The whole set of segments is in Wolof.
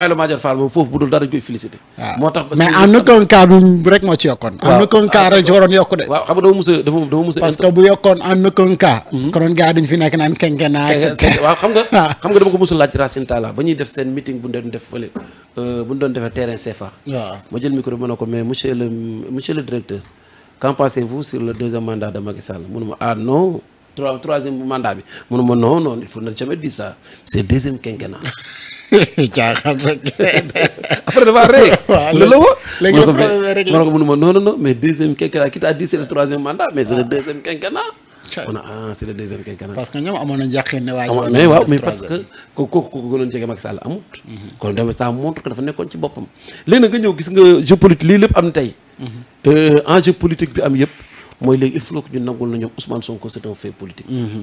Ismaïla Madior Fall dul dara dañ koy félicité. Ah. moo tax mais en aucun yokk ah, de. que bu yokkoon en aucun cas. Hmm. naan kenke naa. waaw xam nga ah. xam nga dama ko a laaj ba ñuy def seen meeting bu ñu doon def fële euh, bu ñu doon jël micro bi ne ko mais monsieur le monsieur le directeur. qu'en pensez-vous sur le deuxième mandat de Macky Sall mu ne ma ah troisième mandat bi mu ne ma non non il faut ne jamais dire ça c'est deuxième quinquennat caaxaan rek. après dafa rek la ko mënuma non non non mais deuxième quinquennat qui t'a c'est troisième mandat mais c'est deuxième quinquennat. a ah c'est le deuxième quinquennat. parce que ñoom amoon na njàqin ne waa mais waaw mais parce que kooku kooku gënoon jege Macky Sall amut. Mhm. kon dafa ça montre que dafa nekkoon ci boppam. léegi nag ñëw gis nga jeu politique lii lépp am tey. Mhm. Euh, enjeu politique bi am yëpp mooy léegi il faut ñu nangul na ñoom Ousmane Sonko c'est un fait politique. Mhm.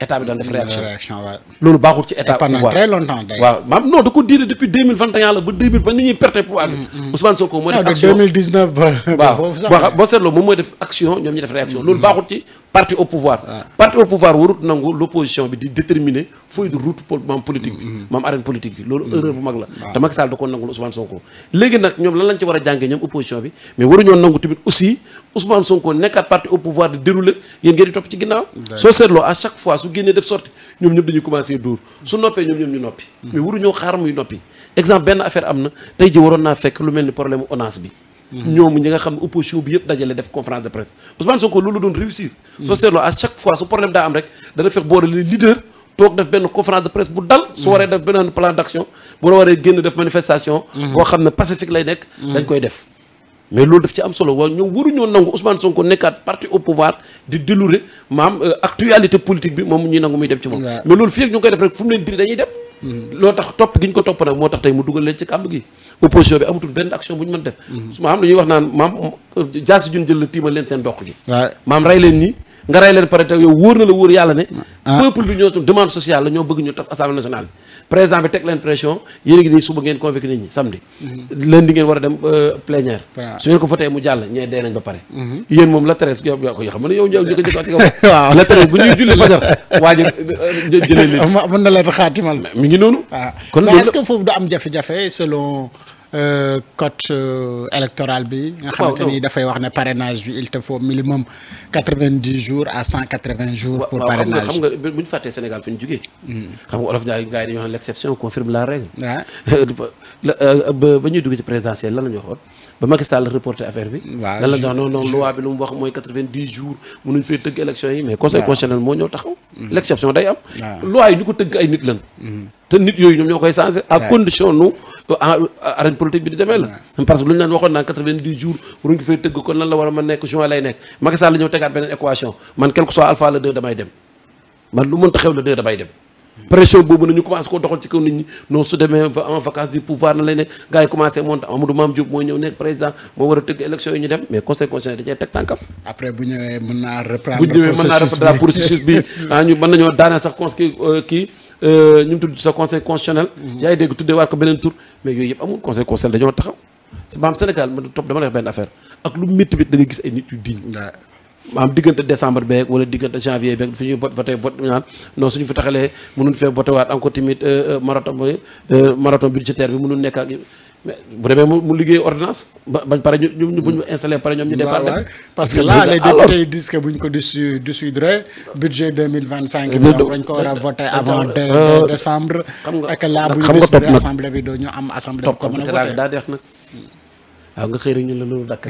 état bi daan def réaction loolu baaxul ci état pouvoir waaw maam non da ko diire depuis deux mille vingt et un la ba deux mille ba ni ñuy perte pouvoir bi mm, mm, mm. Ousmane Sonko mooy def ah, action waaw boo seetloo moom mooy def action ñoom ñu def réaction loolu baaxul ci parti au pouvoir. Ah. parti au pouvoir warut nangu l' opposition bi di déterminer feuille de route maam politique bi. Mm-hmm. maam arène politique bi loolu mm-hmm. erreur bu mag la. Ah. te Macky Sall da ko nangul Ousmane Sonko. léegi nag ñoom lan lañ ci war a jàngee ñoom opposition bi mais waruñoo nangu tamit aussi Ousmane Sonko nekkaat parti au pouvoir di dérouler yéen ngeen di topp ci ginnaaw. soo seetloo à chaque fois su génnee def sorti ñoom ñëpp dañuy commencé dóor su noppee ñoom ñoom ñu noppi. Mm-hmm. mais waruñoo xaar muy noppi exemple benn ji waroon naa fekk lu mel ni problème mu bi. Mm-hmm. ñoom ñu nga xam ne opposition bi yëpp dajale def conférence de presse Ousmane Sonko loolu la doon réussir. Mm-hmm. soo seetloo à chaque fois su problème daa am rek dana fex boole les leaders toog def benn conférence de presse bu dal. su mm-hmm. waree def beneen plan d'action bu la waree génn def manifestation. boo xam ne pacifique lay nekk. dañ koy def. mais loolu daf ci am solo waaw ñoom waruñoo nangu Ousmane Sonko nekkaat parti au pouvoir di délourer maam euh, actualité loo tax topp gi ñu ko topp nag moo tax tey mu dugal leen ci kàmb gi opposition bi amatul benn action bu ñu mën def mm-hmm. su ma xam ne wax naan maam jaar si jun jël la tiimal leen seen doq gi maam rey leen nii nga rey leen pare te yow wóor na la wóor yàlla ne ah. peuple bi ñoo demande sociale la ñoo bëgg ñu tas assemblée nationale bi président teg leen pression yéen a ngi nii suba ngeen convoqué ñi samedi mhm. lundi ngeen war a dem euh, plénière su ngeen ko votee mu jàll ñee dee nañ ba pare mhm. yéen moom la treize yow xam yow njëkk njëkk ci kaw waaw la treize bu waa ji euh, jëlee leen mën na leen xaatimal mi ngi noonu kon est que foofu du am jafe-jafe selon Euh, code euh, électoral bi. nga xamante ni dafay wax ne parrainage bi il te faut minimum quatre vingt dix jours à cent quatre vingt jours. pour parrainage waaw xam nga xam bu ñu fàttee Sénégal fi ñu juge hmm. xam nga olof Ndiaye gars yi dañuy wax ne l' exception confirme la règle. Ah. Euh, ba ba ñuy dugg ci présidentielle lan la ñu waxoon. ba Macky Sall reporté affaire bi. waaw lan la ñu non non loi bi lu mu wax mooy quatre-vingt-dix jours mënuñ fee tëgg élection yi mais conseil constitutionnel moo ñëw taxaw. Mhm. l'exception day am. loi yi ñu ko tëgg ay nit lan. Mhm. te nit yooyu ñoom ñoo koy changé. à condition nu euh, euh, arène politique bi di demee la. parce que lu ñu leen waxoon naan quatre-vingt-dix jours waruñ ko fee tëgg kon lan la war a mën nekk juin lay nekk Macky Sall ñëw tegaat beneen équation xew le deux damay pression boobu na ñu commencé koo doxal ci kaw nit ñi non su demee en vacance du pouvoir na lay nekk gars yi commencé monté Amadou Mame Diop mooy ñëw nekk président moo war a tëgg élection yi ñu dem mais conseil conseil constitutionnel. Mhm. yaa dégg tuddee waat ko beneen tur mais yooyu yëpp amul conseil constitutionnel dañoo taxaw. maam Sénégal man dama lay benn affaire ak lu métti bi da gis ay nit yu diñ maanaam diggante décembre beeg wala diggante janvier beeg fi ñuy bot voté bot naan non suñu fi taxalee fee voté waat encore tamit euh, euh, marathon bi euh, mënul nekk ak mais bu demee mu liggéey ordonnance ba bañ pare ñu ñu buñ installé pare ñoom ñu départ parce que là les députés a voté avant décembre xam nga ak là buñ dissoudre assemblée bi doo ñu am daa deex nag waaw nga xëy rek la loolu dakk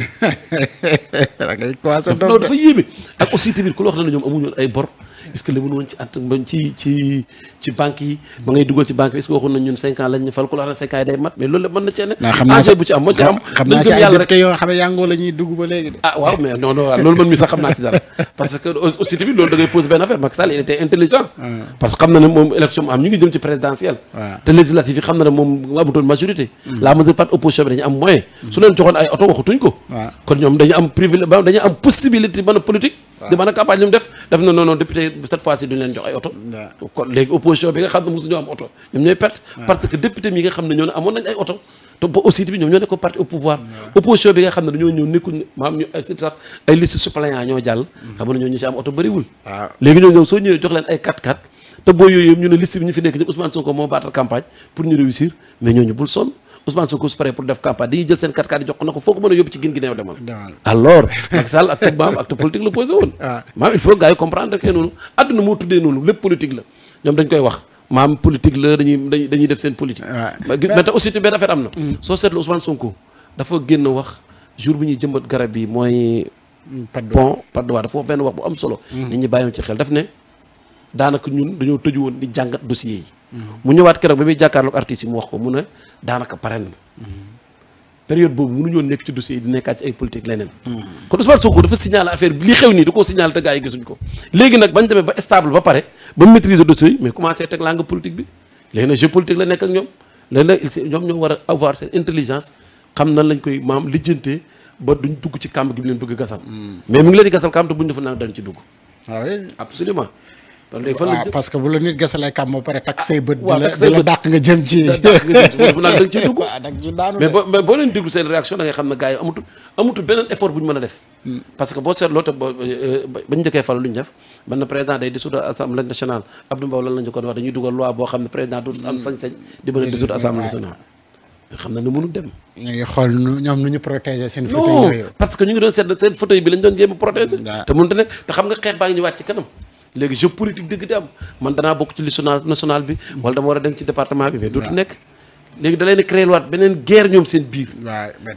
na da ngay commencé. non dafa yéeme ak aussi tamit ku la wax na ne ñoom amuñu ay bor. est-ce que lebu ci at ah, mi loolu da pose benn affaire Macky Sall il intelligent ah. parce que xam na ne moom élection mu ñu ngi jëm ci présidentielle ah. te législative yi xam na ne moom amutoon majorité hmm. la majeure partie opposition bi dañu am moyen hmm. su dañu am privilège dañu a politique dem ana campagne lu mu def def na non non député cette fois ci duñu leen jox ay oto kon léegi opposition bi nga xam ne mosuñu am nañ ay oto te ba aussi tamit ñoom ñoo nekkoon maam ñu ay sax ay liste suppléant ñoo jàll mm-hmm. xam na ñoo ñu si am oto bëriwul léegi ñoo ñëw soo ñëwee jox ay 4-4 te boo yooyu ñu ne liste bi ñu fi nekk ñëpp Ousmane Sonko moo baatal campagne pour ñu réussir mais ñooñu bul sonn Ousmane Sonko su paree pour def campagne dañuy jël seen carte carte jox na ko foo ko mën a yóbbu ci gin gi demal alors Macky ah. que noonu adduna moo tuddee noonu lépp la dañuy def seen politique ah. mais aussi te benn affaire am na hmm. soo seetloo Ousmane Sonko dafa génn wax jour bi ñuy jëmbat garab yi mooy hmm, pont Patte d'Oie dafa benn wax bu am solo hmm. nit ñi bàyyoon ci xel daf ne daanaka ñun dañoo tëju woon di jàngat dossier yi. mu ñëwaat keroog ba muy jàkkaarloog artistes yi mu wax ko mu ne daanaka pare na. période boobu mënuñoo nekk ci dossier yi di nekkaat ci ay politique leneen. kon Ousmane Sonko dafa signalé affaire bi li xew nii da koo signalé te gars ko. léegi nag bañ demee ba stable ba pare ba mais commencé teg laa nga politique bi léegi nag jeu politique la nekk ak ñoo war a avoir seen intelligence nan lañ koy maam lijjantee ba duñ dugg ci kàmb gi bi leen bëgg gasal. Mm. mais mu ngi leen di gasal kàmb te buñ defoon naan dañ ci dugg. waaw ah absolument loolu fan la ah, parce que bu la nit gasalee kam moo pare takk say bët. na président hmm. bi lañ doon jéem protéger. te mënut a nekk te xam nga xeex baa ngi ñu wàcc kanam léegi jeu politique dëgg di am man danaa bokk ci liste nationale bi wala dama war a dem ci département bi mais dootu nekk léegi da leen créé waat beneen guerre ñoom seen biir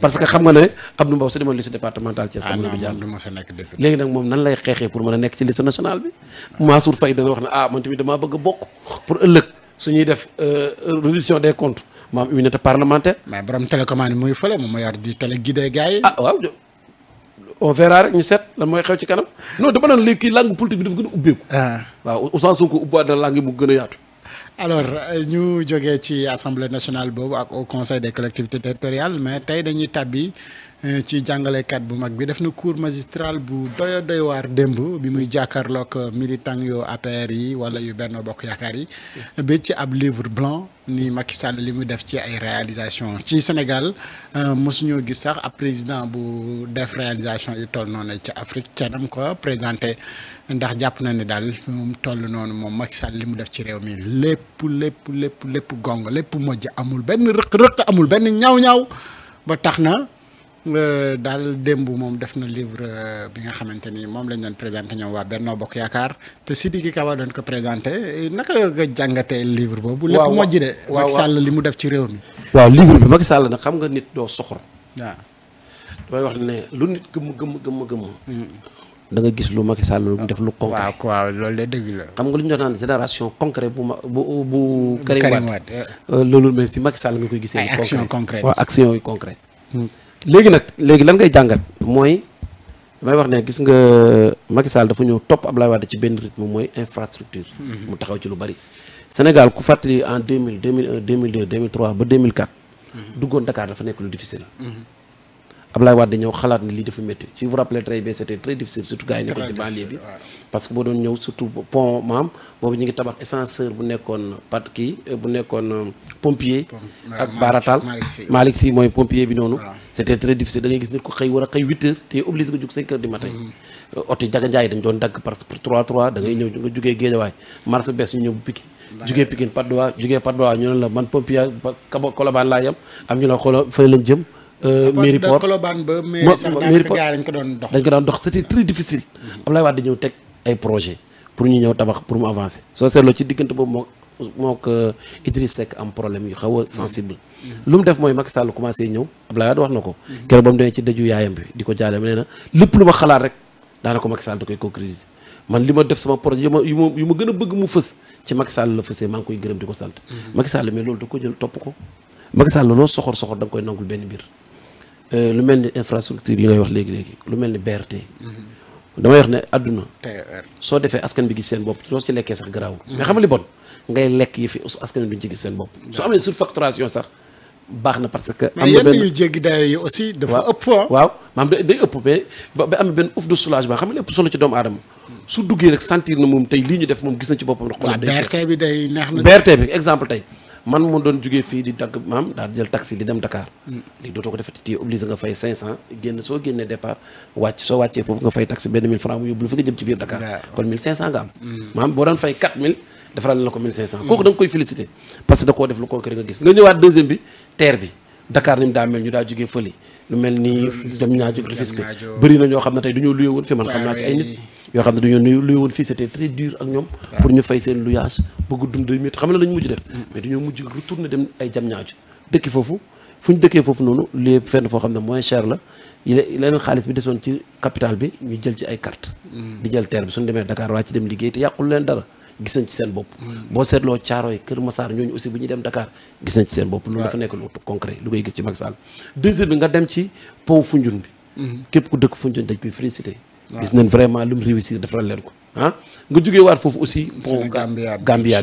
parce que xam nga ne Abdou Mbow su demoon liste départementale Thiès ah, amul du jàll léegi nag moom nan lay xeexee pour mën a nekk ci liste nationale bi ah. Mansour Faye dana wax ne ah man tamit damaa bëgg a bokk pour ëllëg suñuy def euh, réduction des comptes ma am immunité parlementaire mais on verra rek ñu seet lan mooy xew ci kanam non dama naan léegi kii langue politique bi dafa gën a ubbeeku. Ah. waaw Ousmane Sonko ubbaat na langue mu gën a yaatu. alors euh, ñu jógee ci assemblée nationale boobu ak au conseil des collectivités territoriales mais tey dañuy tabbi. Eh, ci jàngalekat bu mag bi def na cours magistral bu doyo doy waar démb bi muy jàkkaarloog eh, militant yu APR yi wala yu benn bokk yaakaar yi eh, ba ci ab livre blanc ni Macky Sall li mu def ci ay réalisation ci Sénégal mosuñoo gis sax ab président bu def réalisation yu toll noonu ci Afrique ca nam ko présenté ndax jàpp na ne daal moom toll noonu moom Macky Sall li mu def ci réew mi lépp lépp lépp lépp gong lépp mojj amul benn rëq-rëq amul benn ñaw ñaaw ba na Euh, daal démb moom def na livre euh, bi nga xamante ni moom lañ doon présenté ñoom waa Benno Bokk Yaakaar te Sidiki Kaba doon ko présenté naka nga jàngatee livre boobu. lépp mojj de. waaw Macky li mu def ci réew mi. waaw livre bi Macky Sall nag xam nga nit doo soxor. waaw damay wax ne lu nit gëmm gëmm gëmm gëmm. Hmm. da nga gis lu Macky Sall lu mu def lu. concret waaw waaw loolu de dëgg la. xam nga lu ñu doon génération concret bu ma bu bu. Karim eh. euh, loolu mais si Macky Sall nga koy gisee. ay action concrète waaw action yu concrète. Hmm. léegi nag léegi lan ngay jàngat mooy damay wax ne gis nga Macky Sall dafa ñëw topp Abdoulaye Wade ci benn ritm mooy infrastructure. Mhm. mu taxaw ci lu bari. Sénégal ku fàttali en 2000 2001 2002 2003 ba 2004. Mhm. duggoon Dakar dafa nekk lu difficile. Mhm. Ablaye Wade ñëw xalaat ni lii dafa métti si vous rappelez très bien c' était très difficile surtout gars yi nekkoon ci banlieue bi parce que boo doon ñëw surtout pont maam boobu ñu ngi tabax ascenseur bu nekkoon pat kii bu nekkoon euh, pompier ak baaratal Malick Sy mooy pompier bi noonu c' était très difficile da ngay gis nit ko xëy war a xëy 8 heures te obligé nga jug 5 heures du matin mm-hmm. oto jaga njaay dañ doon dagg par 3 3 da ngay mm-hmm. ñëw nga jugee Géejawaay marché bees ñu ñëw bu la jëm Euh, mairie port Colobane ba mairie sax dañ ko doon dox dañ ko doon dox c'était très difficile Abdoulaye Wade ñëw teg ay projet pour ñu ñëw tabax pour mu avancer soo seetloo ci diggante boobu moo moo ko euh, Idriss Seck am problème yu xaw a sensible lu mu def mooy Macky Sall commencé ñëw Abdoulaye Wade wax na ko keroog ba mu yaayam bi di ko jaale mu nee na lépp lu ma xalaat rek daanaka Macky Sall da koy concrétiser man li ma def sama ma yu ma yu ma gën a bëgg mu fës ci Macky Sall la fësee maa ngi koy gërëm di ko sant mm-hmm. Macky Sall mais loolu da ko jël topp ko Macky Sall loolu soxor soxor da nga koy nangul benn mbir Euh, lu mel ni infrastructure yi ngay wax léegi léegi lu mel ni BRT. damay wax ne àdduna. E soo defee askan bi gis seen bopp soo ci lekkee sax garaawul. mais xam nga li bon ngay lekk yi fi askan duñ ci gis seen bopp. su amee surfacturation sax baax na parce que. am na benn mais jéggi dayo yi aussi. dafa ëpp waaw maam day ëpp mais ba am benn ouf de xam nga lépp solo ci doomu aadama. su duggee rek sentir na moom tey lii ñu def moom gis na ci boppam. ndax xolam day bi day neex na. BRT bi exemple tey. man mu doon jugee fii di dagg maam daal jël taxi di dem Dakar. Mm. dootoo ko defati téye obligé nga fay 500 génn soo génnee départ wàcc soo wàccee foofu nga fay taxi benn 1000 francs mu yóbbu la fi nga jëm ci biir Dakar. kon 1500 nga am. Mm. maam boo daan fay 4000 defaral na ko 1500. Mm. kooku da koy félicité parce que da koo def lu concret nga gis nga ñëwaat deuxième bi terre bi Dakar ni mu daa mel ñu daa jugee fële. lu mel ni dem ñaa jóg Rufisque bëri na ñoo xam ne tey du ñu luye woon fi man xam naa ci ay nit yoo xam ne du ñu luye woon fii c'était très dur ak ñoom pour ñu fay seen luyage bëgg dund day métti xam ne lañu mujj def mm. mais dañoo mujj retourné dem ay jam ñaaju dëkki foofu fu ñu dëkkee foofu noonu luye fenn foo xam ne moins cher la leneen xaalis bi desoon ci capital bi ñu jël ci ay carte mm. di jël teer bi suñu demee Dakar waa ci dem liggéey te leen dara gis nañ ci seen bopp boo seetloo Caaroy Kër Masaar ñooñu aussi bu ñuy dem Dakar gis ci seen bopp loolu dafa nekk lu concret lu koy gis ci Macky Sall deuxième bi nga dem ci pow Foundiougne bi mm-hmm. képp ku dëkk Foundiougne dañ koy félicité gis nañ vraiment lu mu réussir defal leen ko ah. nga jógee waat foofu aussi pont Gambia